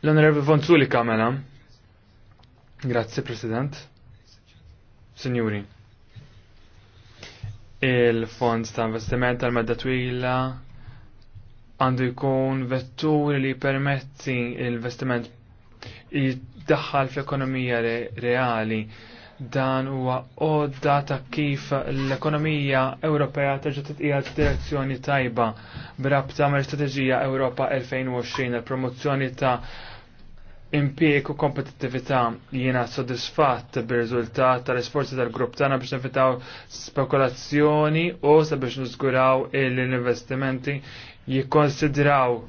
L-Onorevoli Fonzuli kamela. Grazie, President. Signori. Il-Fond ta' Investiment tal-Medda Twila għandu jkun vettur li permetti l-investiment jiddaħħal fl-ekonomija reali dan huwa għodda ta' kif l-ekonomija Ewropea terġa' titqiegħed direzzjoni tajba b'rabta mal-Istrateġija Ewropa 2020 il-promozzjoni ta' impjeg u kompetittività jiena soddisfatt bir-riżultat tal-isforzi tal-grupp tagħna biex nevitaw spekulazzjoni u sabiex niżguraw l-investimenti jikkonsidraw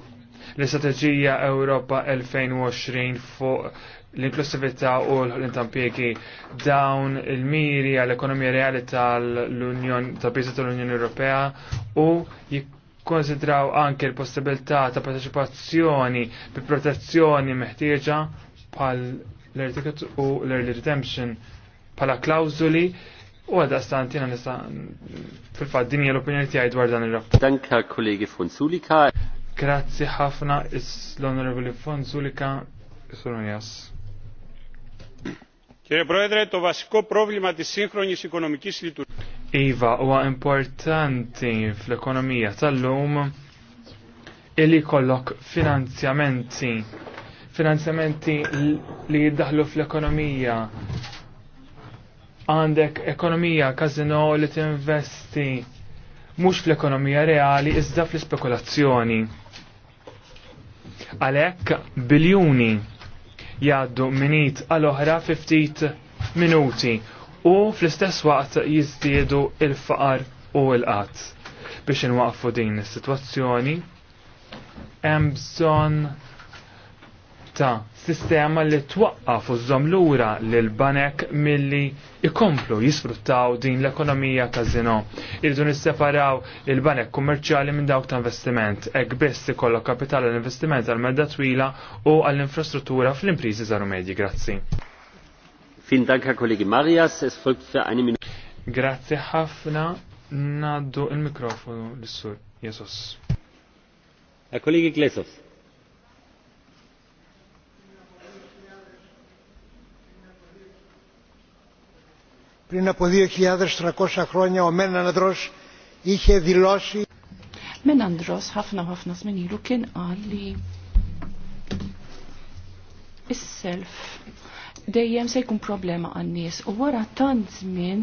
l-Istrateġija Ewropa 2020 fuq l-inklusivita u l-intampieki dawn il-miri għall-ekonomija reali tal-Unjon, tal-Pisa tal-Unjoni Ewropea u jikkonsidraw anke l-possibilità ta' partecipazzjoni bi protezzjoni meħtieġa pal l u l-early redemption pala klawzuli u għadda stantina nista fil fad dinja l-opinjoni tiegħi dwar dan ir-rabt. Danka kollegi Fonsulika. Grazzi ħafna l-Onorevoli Fonsulika Sunjas. Κύριε Πρόεδρε, το βασικό πρόβλημα της σύγχρονης οικονομικής λειτουργίας. Iva, huwa importanti fl-ekonomija tal-lum illi kollok finanzjamenti. Finanzjamenti li jiddaħlu fl-ekonomija. Għandek ekonomija kazino li tinvesti mhux fl-ekonomija reali iżda fl-spekulazzjoni. Għalhekk biljuni Jaddu minit għal-oħra 50 minuti u fl-istess waqt jizdiedu il-faqar u l-qatt. Biex inwaqfu din is-sitwazzjoni, hemm bżonn ta' sistema li twaqqaf u żomlura l banek milli ikomplu jisfruttaw din l-ekonomija ta' zino. Irridu nisseparaw il-banek kummerċjali minn dawk ta' investiment, Ek biss ikollok kapital għall-investiment għal-medda twila u għall-infrastruttura fl-impriżi zaru medji. Grazzi. Fin danka kollegi Marias, es folgt ħafna, naddu il-mikrofonu l-sur, Jesus. Herr Glesos. πριν από 2.300 χρόνια ο Μένανδρος είχε δηλώσει Μένανδρος ħafna ħafna żmien ilu kien qal li is-self dejjem se jkun problema għan-nies u wara tant żmien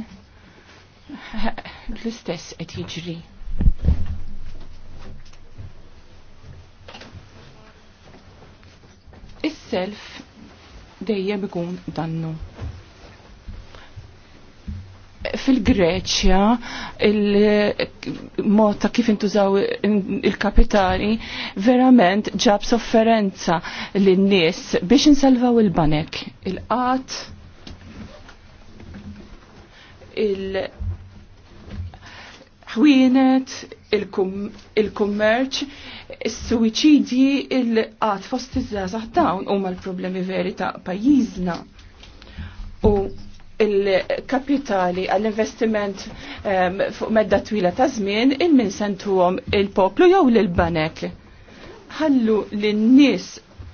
l-istess qed jiġri. Is-self dejjem ikun dannu fil-Greċja il-mod ta' kif intużaw il-kapitali verament ġab sofferenza lin-nies biex insalvaw il-banek. Il-qat il-ħwienet, il-kummerċ, il-suicidji, il-qat fost iż-żazax dawn huma l-problemi veri ta' pajjiżna. U il-kapitali għall-investiment ehm, fuq medda twila ta' żmien il-min sentuhom il-poplu jew l-banek. Ħallu lin-nies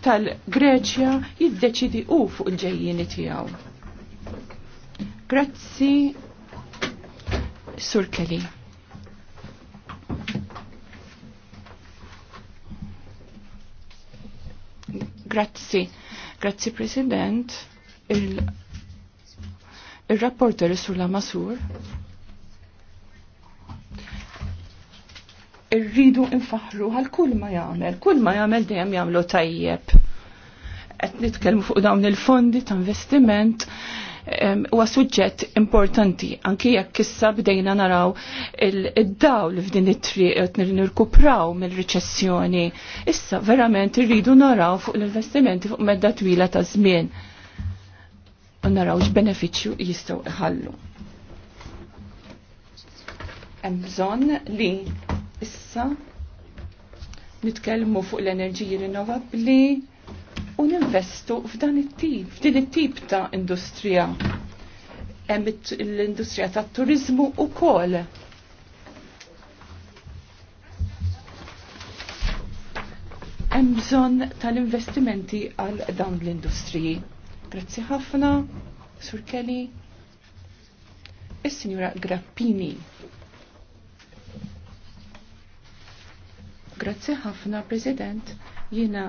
tal-Greċja jiddeċidi u fuq il-ġejjini tiegħu. Grazzi, Sur Kelly. Grazzi. Grazzi President. Il Il-rapporter sur la masur. Irridu infaħru għal kull ma jagħmel, kull ma jagħmel dejjem jagħmlu tajjeb. Qed nitkellmu fuq dawn il-fondi ta' investiment huwa suġġett importanti anki jekk issa bdejna naraw id-dawl f'din it-triq qed nirkupraw mill-riċessjoni. Issa verament irridu naraw fuq l-investimenti fuq medda twila ta' żmien narawx beneficju jistgħu iħallu. Hemm bżonn li issa nitkellmu fuq l-enerġiji rinnovabbli u ninvestu f'dan it-tip, f'din it-tip ta' industrija. Hemm l-industrija tat-turizmu ukoll hemm bżonn tal-investimenti għal dawn l-industriji. Grazzi ħafna, Sur Kelly. Is-Sinjura Grappini. Grazzi ħafna, President. Jina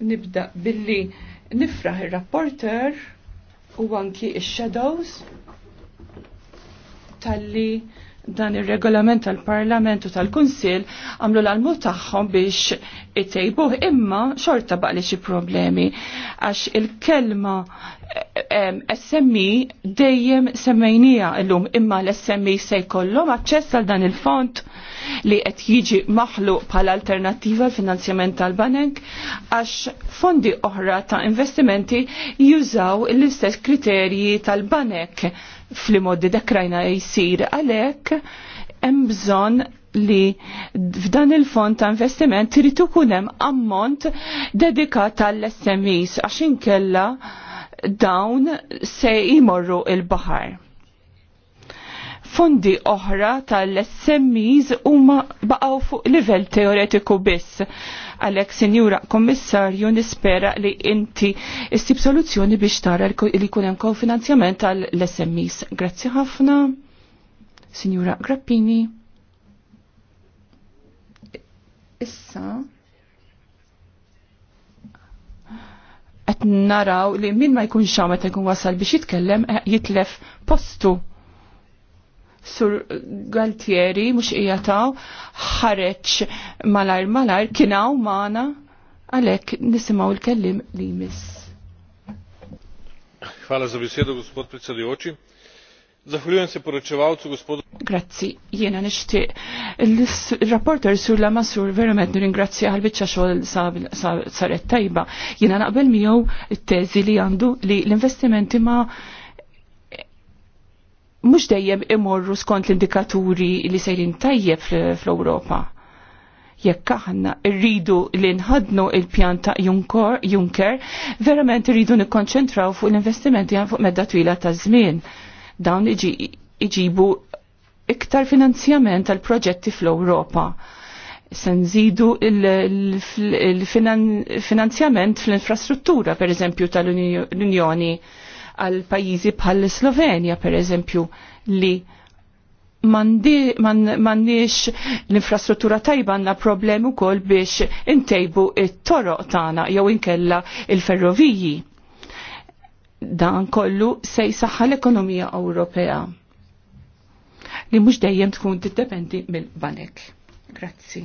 nibda billi nifraħ il-rapporter u anki il-shadows tal-li dan il-regolament tal-Parlament u tal-Kunsil għamlu l-almu tagħhom biex it-tejbuħ imma xorta baqli xie problemi għax il-kelma eh, SMI e dejjem semmejnija l-lum imma l-SMI e se jkollhom aċċess għal dan il-font li qed jiġi maħluq bħala alternattiva finanzjament tal-banek għax fondi oħra ta' investimenti jużaw l-istess kriterji tal-banek fl-modi dekrajna jisir għalek hemm bżonn li f'dan il-fond ta' investiment trid ikun hemm ammont dedikat tal-SMEs għax inkella dawn se jmorru il-baħar. Fondi oħra tal-SMEs huma baqgħu fuq livell teoretiku biss. Għalhekk Sinjura Kommissarju nispera li inti issib soluzzjoni biex tara li jkun hemm kofinanzjament tal-SMEs. Grazzi ħafna. Signora Grappini. Issa qed naraw li min ma jkunx xamet jkun wasal biex jitkellem eh, jitlef postu. Sur Galtieri mhux ijataw ħareġ malar malar, kinaw mana għalhekk nisimgħu l-kellim li mis. Hvala za besedo, gospod predsedujoči Zahvaljujem se poročevalcu gospodu. Grazzi, jiena nixtieq. Il-rapporter sur la masur verament nirringrazzja għal biċċa xogħol saret tajba. Jiena naqbel miegħu il teżi li għandu li l-investimenti ma mhux dejjem imorru skont l-indikaturi li sejrin tajjeb fl-Ewropa. Jekk aħna rridu li nħadnu il-pjan ta' Juncker, verament rridu nikkonċentraw fuq l-investimenti fuq medda twila ta' żmien dawn iġibu iktar finanzjament għal proġetti fl-Ewropa. Se nżidu il-finanzjament fl-infrastruttura, per eżempju, tal-Unjoni għal pajjiżi bħal Slovenja, per eżempju, li mandiex l-infrastruttura tajba għanna problemi kol biex intejbu it-toroq tana jew inkella il-ferroviji dan kollu se jsaħħa l-ekonomija Ewropea li mhux dejjem tkun tiddependi mill-banek. Grazzi.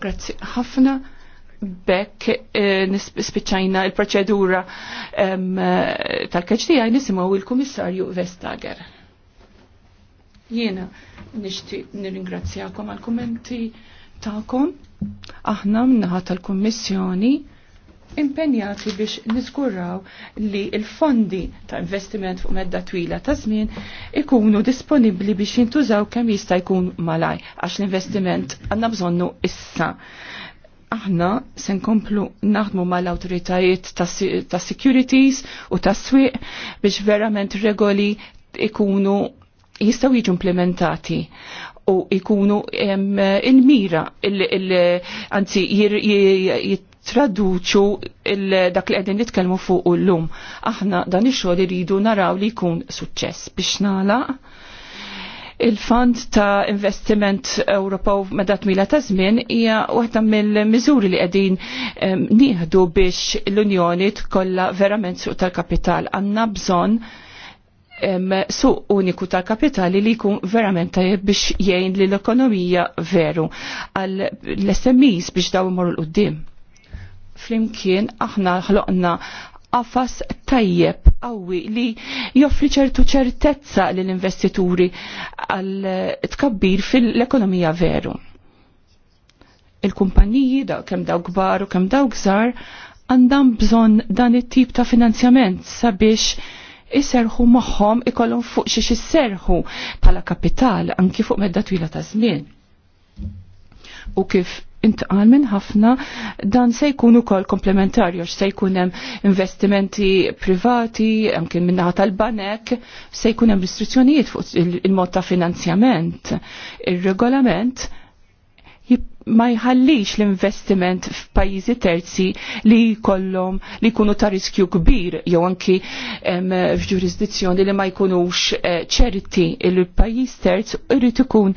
Grazzi ħafna bekk eh, nispiċċajna nispiċajna il-proċedura eh, tal-keċ nisimgħu il-Kummissarju Vestager. Jiena nixtieq nirringrazzjakom għall-kummenti tagħkom aħna naħa tal-Kummissjoni impenjati biex niskurraw li il-fondi ta' investiment fuq medda twila ta' żmien ikunu disponibli biex jintużaw kemm jista' jkun malaj għax l-investiment għandna bżonnu issa. Aħna se nkomplu naħdmu mal-awtoritajiet ta' securities u ta' swieq biex verament regoli ikunu jistaw jiġu implementati u ikunu il-mira, anzi traduċu dak li qegħdin nitkellmu fuq llum. Aħna dan ix-xogħol naraw li jkun suċċess biex nagħlaq. Il-Fond ta' Investiment Ewropew meta tmila ta' żmien hija waħda mill-miżuri li qegħdin nieħdu biex l-Unjoni tkollha verament suq tal-kapital. Għandna bżonn suq uniku tal kapitali li jkun verament tajjeb biex jgħin li l-ekonomija veru għal l-SMEs biex daw imorru l-qoddim flimkien aħna ħloqna qafas tajjeb qawwi li joffri ċertu ċertezza lill investituri għal tkabbir fil-ekonomija veru. Il-kumpaniji da kemm daw kbar u kemm daw gżar għandhom bżonn dan it-tip ta' finanzjament sabiex iserħu moħħom ikollhom fuq xiex isserħu bħala kapital anki fuq medda twila ta' żmien. U kif intqal minn ħafna dan se jkun ukoll komplementarju se jkun hemm investimenti privati minn naħa tal-banek se jkun hemm restrizzjonijiet fuq il-mod ta' finanzjament. Ir-regolament ma jħallix l-investiment f'pajjiżi terzi li jkollhom li jkunu ta' riskju kbir jew anki f'ġurisdizzjoni li ma jkunux eh, ċerti il-pajjiż terz irrid ikun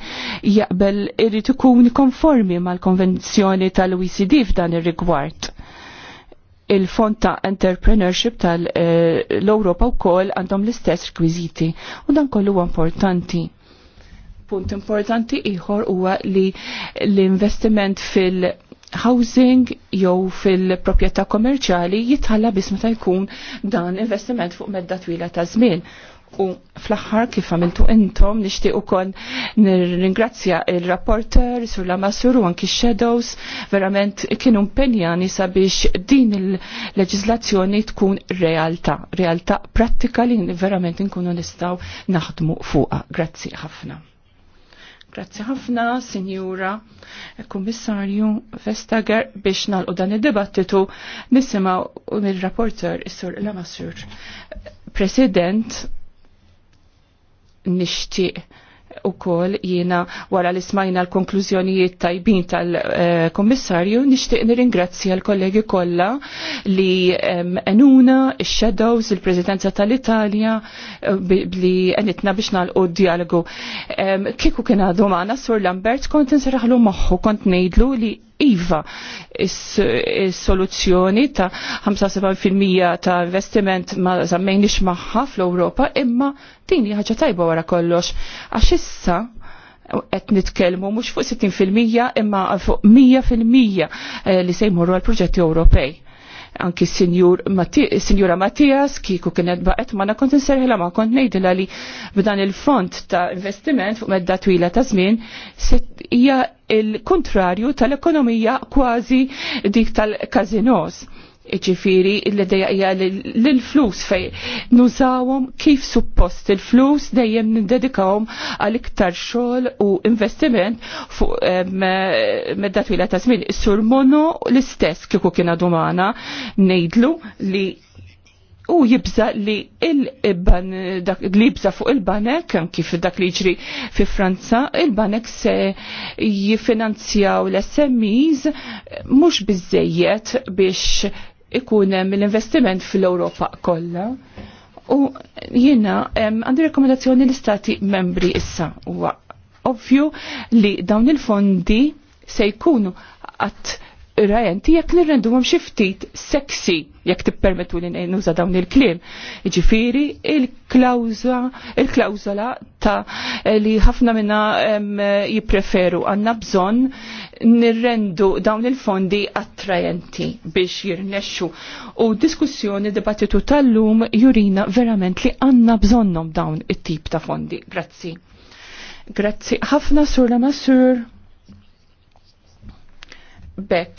jaqbel irrid ikun konformi mal-konvenzjoni tal-OECD f'dan ir-rigward il-fond ta' entrepreneurship tal-Europa eh, u kol għandhom l-istess rekwiziti u dan kollu importanti Punt importanti ieħor huwa li l-investiment fil- housing jew fil-proprjetà komerċali jitħalla biss meta jkun dan investiment fuq medda twila ta' żmien. U fl-axħar kif għamiltu intom nishtiq ukoll nirringrazzja il-rapporter sur la masur u anki shadows verament kienu impenjani sabiex din il-leġizlazzjoni tkun realtà, realtà pratika li verament nkunu nistgħu naħdmu fuqha. Grazzi ħafna. Grazzi ħafna, Sinjura Kummissarju Vestager, biex nalqu dan id-dibattitu nisimaw il-rapporter Is-Sur Lamassur. President, nixtieq u kol jiena wara li smajna l-konklużjonijiet tajbin tal-kommissarju nishtiq nir-ingrazzja l-kollegi kolla li enuna, il-shadows, il-prezidenza tal-Italja eh, li enitna biex nalqu dialogu. Kiku kien għadu maħna, Sur Lambert, kont nseraħlu maħu, kont nejdlu li iva il soluzzjoni ta' 75% ta' investiment ma żammejniex magħha fl-Ewropa imma din hija ħaġa tajba wara kollox għax issa qed nitkellmu mhux fuq 60% imma fuq 100% eh, li se jmorru għal proġetti Ewropej anki sinjura Mati Mattias Mattias kiku kienet baqet ma na kont nserħila ma kont nejdila li b'dan il-font ta' investiment fuq medda twila ta' żmien hija il-kontrarju tal-ekonomija kważi dik tal-kazinos Iġifiri, l-ideja hija l-flus fej nużawhom kif suppost il-flus dejjem nindedikawhom għal iktar xogħol u investiment fuq medda twila ta' żmien. Sur mono l-istess kieku kien domana ngħidlu li u jibza li il-ban, li jibza fuq il-banek, kif dak li ġri fi Franza, il-banek se jifinanzjaw l-SMEs mux bizzejiet biex ikun hemm l-investiment fil-Ewropa kollha. U jiena għandu rekomendazzjoni l-istati membri issa ovvju li dawn il-fondi se jkunu għat rajenti jekk nirrendu mum xiftit seksi jekk permetu li nuza dawn il-klim. Ġifiri, il-klawzola il ta' li ħafna minna jipreferu għanna bżon nirrendu dawn il-fondi attrajenti biex jirnexxu. U diskussjoni dibattitu tal-lum jurina verament li għanna bżonnom dawn it-tip ta' fondi. Grazzi. Grazzi ħafna sur la masur bekk